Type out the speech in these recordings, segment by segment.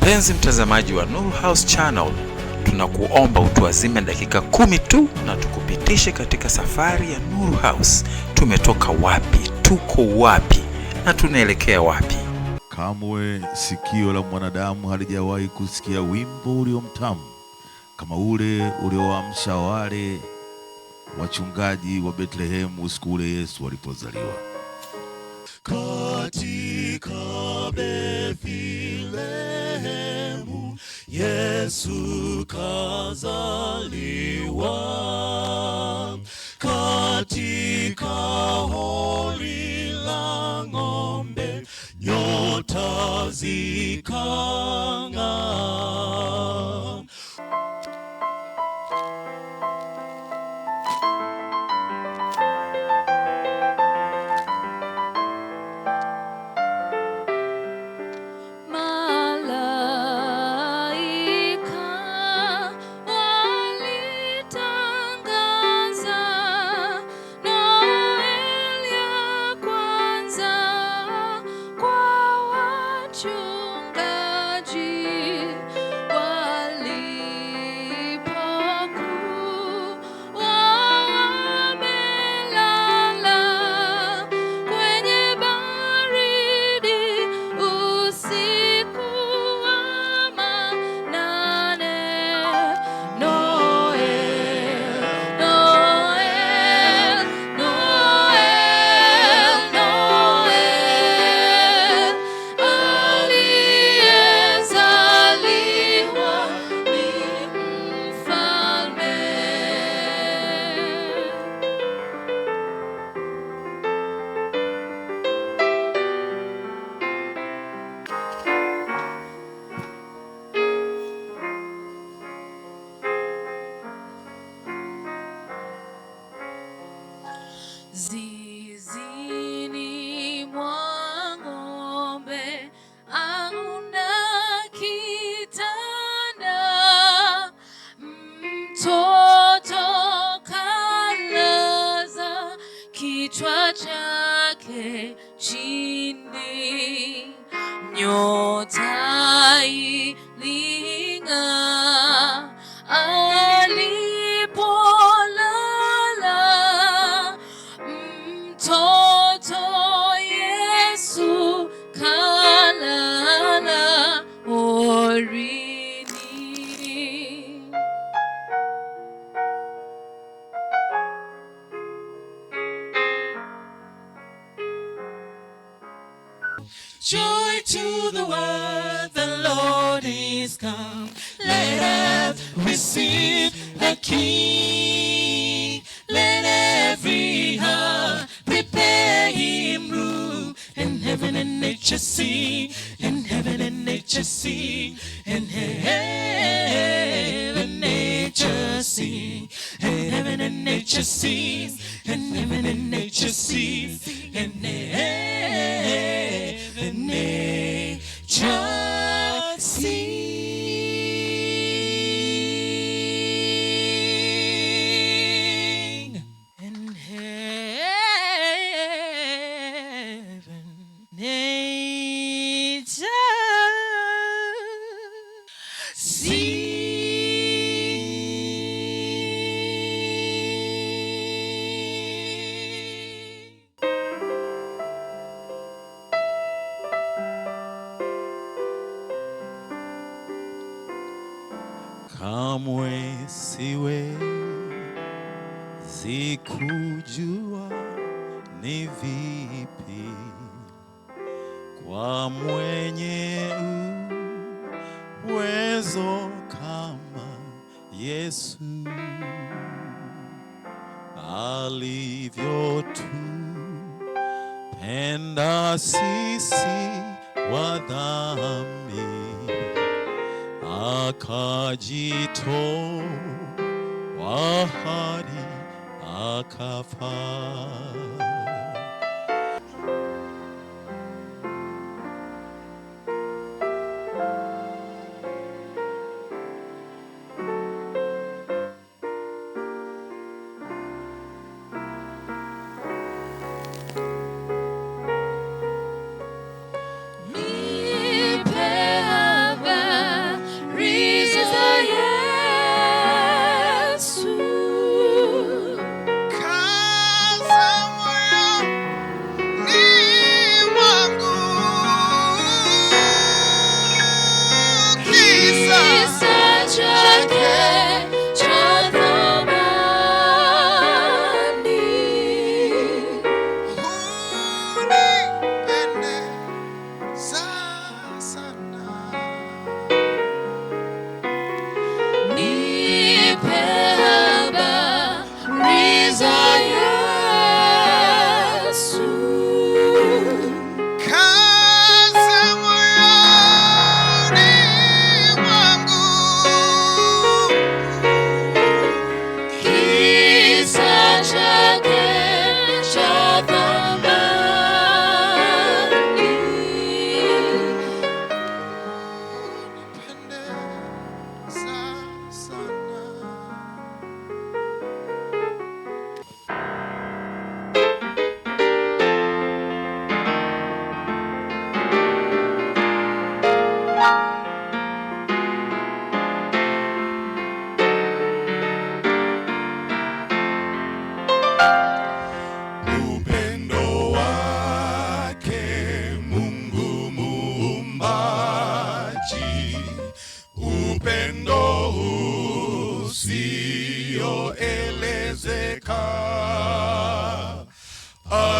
Mpenzi mtazamaji wa Nuru House Channel, tunakuomba utuazime dakika kumi tu na tukupitishe katika safari ya Nuru House. Tumetoka wapi? Tuko wapi? na tunaelekea wapi? Kamwe sikio la mwanadamu halijawahi kusikia wimbo ulio mtamu kama ule ulioamsha wale wachungaji wa Betlehemu usiku ule Yesu alipozaliwa. Katika Bethlehem marehemu Yesu kazaliwa katika hori la ng'ombe, nyota zi Ocak eşini Yok Joy to the world, the Lord is come. Let us receive the King. Let every heart prepare him room. And heaven and nature see, and heaven and nature see. sikujua ni vipi kwa mwenye uwezo kama Yesu alivyotupenda sisi wadhambi akajitoa hadi শাখা ফা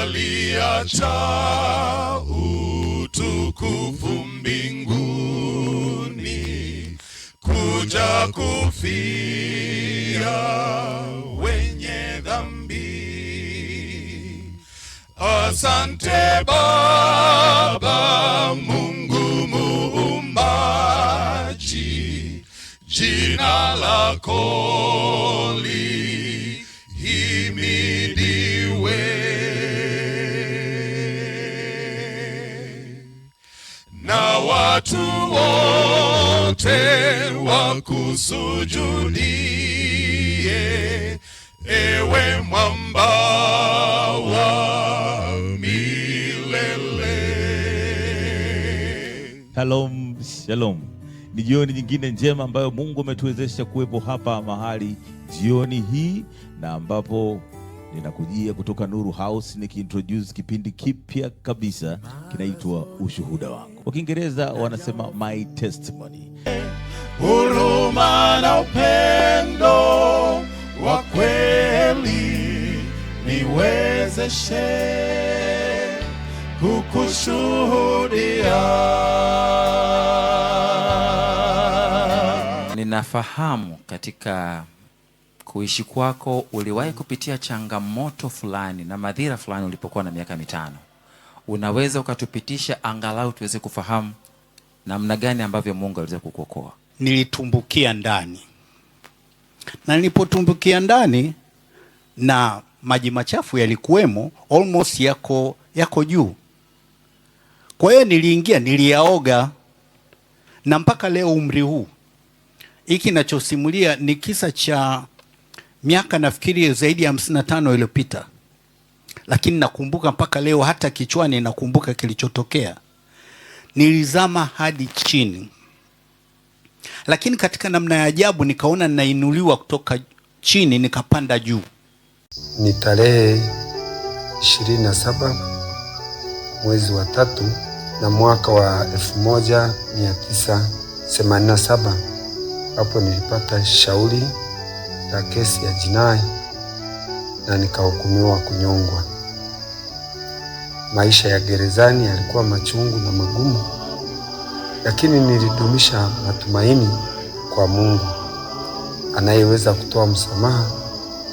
aliacha utukufu mbinguni kuja kufia wenye dhambi. Asante Baba Mungu muumbaji, jina lako wote wakusujudie, ewe mwamba wa milele. Shalom, shalom. Ni jioni nyingine njema ambayo Mungu ametuwezesha kuwepo hapa mahali jioni hii na ambapo Ninakujia kutoka Nuru House nikiintroduce kipindi kipya kabisa kinaitwa Ushuhuda wangu. Kwa Kiingereza wanasema my testimony. Huruma na upendo wa kweli niwezeshe kukushuhudia. Ninafahamu katika kuishi kwako uliwahi kupitia changamoto fulani na madhira fulani ulipokuwa na miaka mitano? Unaweza ukatupitisha angalau tuweze kufahamu namna gani ambavyo Mungu aliweza kukuokoa? Nilitumbukia ndani, na nilipotumbukia ndani na maji machafu yalikuwemo, almost yako yako juu. Kwa hiyo niliingia, niliyaoga, na mpaka leo umri huu hiki nachosimulia ni kisa cha miaka nafikiri zaidi ya hamsini na tano iliyopita, lakini nakumbuka mpaka leo, hata kichwani nakumbuka kilichotokea. Nilizama hadi chini, lakini katika namna ya ajabu nikaona ninainuliwa kutoka chini nikapanda juu. Ni tarehe 27 mwezi wa tatu na mwaka wa 1987 hapo nilipata shauri ya kesi ya jinai na nikahukumiwa kunyongwa. Maisha ya gerezani yalikuwa machungu na magumu, lakini nilidumisha matumaini kwa Mungu anayeweza kutoa msamaha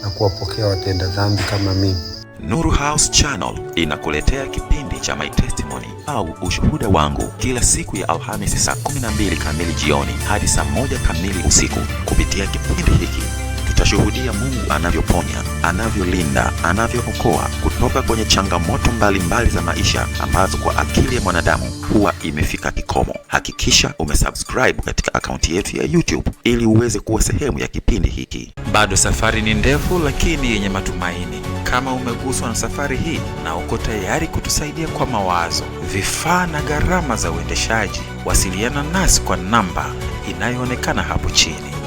na kuwapokea watenda dhambi kama mimi. Nuru House Channel inakuletea kipindi cha My Testimony au ushuhuda wangu kila siku ya Alhamisi saa 12 kamili jioni hadi saa 1 kamili usiku kupitia kipindi hiki utashuhudia Mungu anavyoponya, anavyolinda, anavyookoa kutoka kwenye changamoto mbalimbali mbali za maisha ambazo kwa akili ya mwanadamu huwa imefika kikomo. Hakikisha umesubscribe katika akaunti yetu ya YouTube ili uweze kuwa sehemu ya kipindi hiki. Bado safari ni ndefu, lakini yenye matumaini. Kama umeguswa na safari hii na uko tayari kutusaidia kwa mawazo, vifaa na gharama za uendeshaji, wasiliana nasi kwa namba inayoonekana hapo chini.